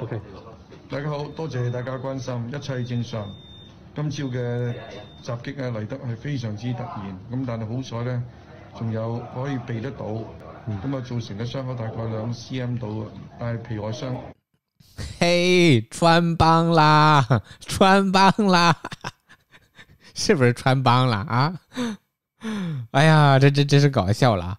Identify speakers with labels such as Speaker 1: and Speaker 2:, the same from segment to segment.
Speaker 1: O K，大家好多謝大家關心，一切正常。今朝嘅襲擊啊嚟得係非常之突然，咁但係好彩咧，仲有可以避得到，咁啊造成嘅傷口大概兩 C M 到，但係皮外傷。
Speaker 2: 嘿，穿幫啦，穿幫啦， 是不是穿幫啦啊？ 哎呀，這這真是搞笑啦。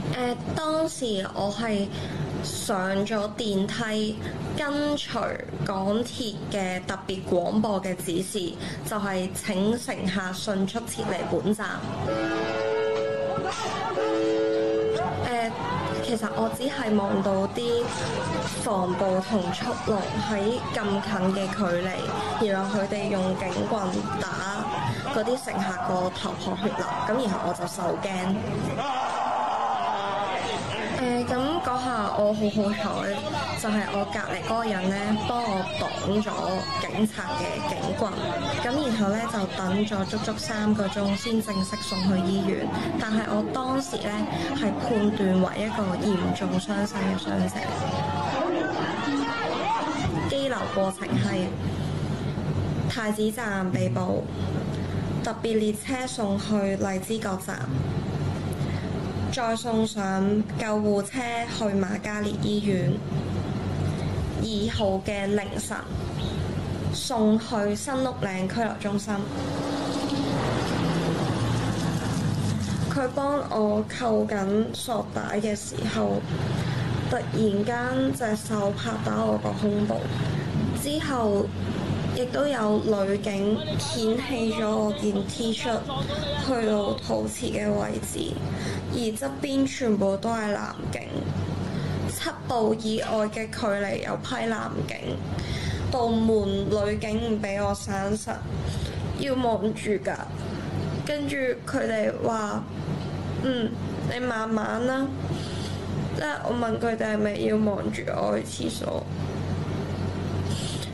Speaker 3: 我係上咗電梯，跟隨港鐵嘅特別廣播嘅指示，就係、是、請乘客迅速撤離本站。呃、其實我只係望到啲防暴同速龍喺咁近嘅距離，然後佢哋用警棍打嗰啲乘客個頭破血流，咁然後我就受驚。咁講、嗯、下，我好好彩，就係、是、我隔離嗰個人呢，幫我擋咗警察嘅警棍，咁然後呢，就等咗足足三個鐘先正式送去醫院。但係我當時呢，係判斷為一個嚴重傷勢嘅傷者，拘留過程係太子站被捕，特別列車送去荔枝角站。再送上救護車去瑪嘉烈醫院。二號嘅凌晨，送去新屋嶺拘留中心。佢幫我扣緊索帶嘅時候，突然間隻手拍打我個胸部，之後。亦都有女警掀起咗我件 T-shirt，去到肚臍嘅位置，而側邊全部都係男警。七步以外嘅距離有批男警，到門女警唔俾我散失，要望住噶。跟住佢哋話：嗯，你慢慢啦。即係，我問佢哋係咪要望住我去廁所？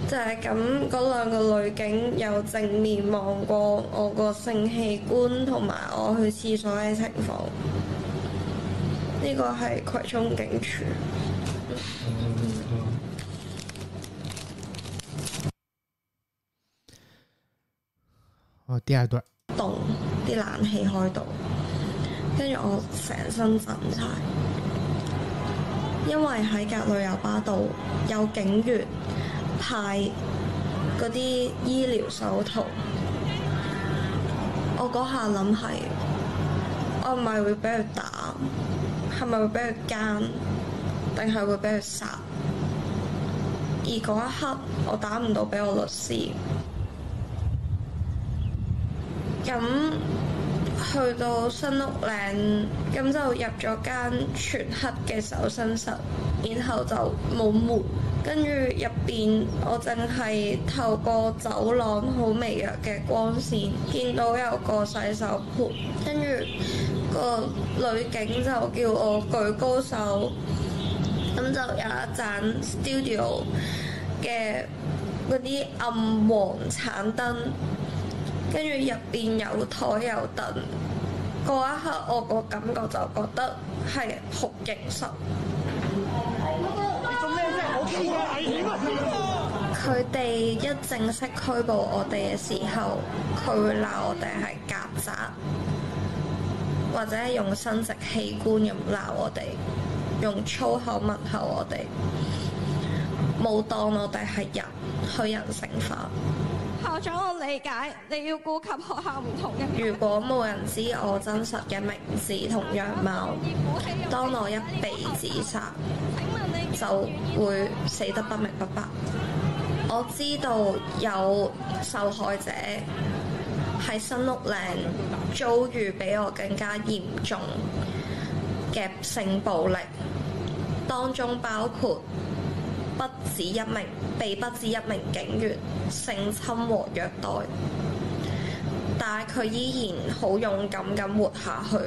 Speaker 3: 就係咁，嗰兩個女警有正面望過我個性器官同埋我去廁所嘅情況。呢個係葵涌警署。
Speaker 4: 嗯。
Speaker 2: 哦、嗯，第二段。
Speaker 3: 凍，啲冷氣開到，跟住我成身震晒。因為喺隔旅遊巴度有警員。派嗰啲醫療手套，我嗰下諗係，我唔係會俾佢打，係咪會俾佢奸，定係會俾佢殺？而嗰一刻，我打唔到俾我律師，咁。去到新屋嶺，咁就入咗間全黑嘅搜身室，然後就冇門，跟住入邊我淨係透過走廊好微弱嘅光線，見到有個洗手盆，跟住個女警就叫我舉高手，咁就有一盞 studio 嘅嗰啲暗黃橙燈。跟住入邊有台有凳，嗰一刻我個感覺就覺得係好現實。佢哋、啊啊啊啊、一正式拘捕我哋嘅時候，佢會鬧我哋係曱甴，或者用生殖器官咁鬧我哋，用粗口問候我哋，冇當我哋係人，去人性化。校長，我理解你要顧及學校唔同嘅。如果冇人知道我真實嘅名字同樣貌，當我一被自殺，就會死得不明不白。我知道有受害者喺新屋嶺遭遇比我更加嚴重嘅性暴力，當中包括。不止一名被不止一名警員性侵和虐待，但係佢依然好勇敢咁活下去。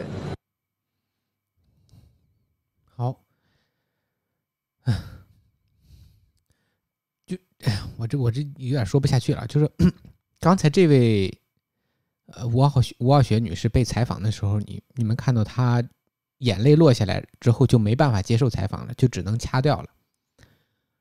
Speaker 5: 好，
Speaker 2: 就我這我這有點說不下去了，就是剛才這位，呃吳傲雪吳傲雪女士被採訪的時候，你你們看到她眼淚落下來之後，就沒辦法接受採訪了，就只能掐掉了。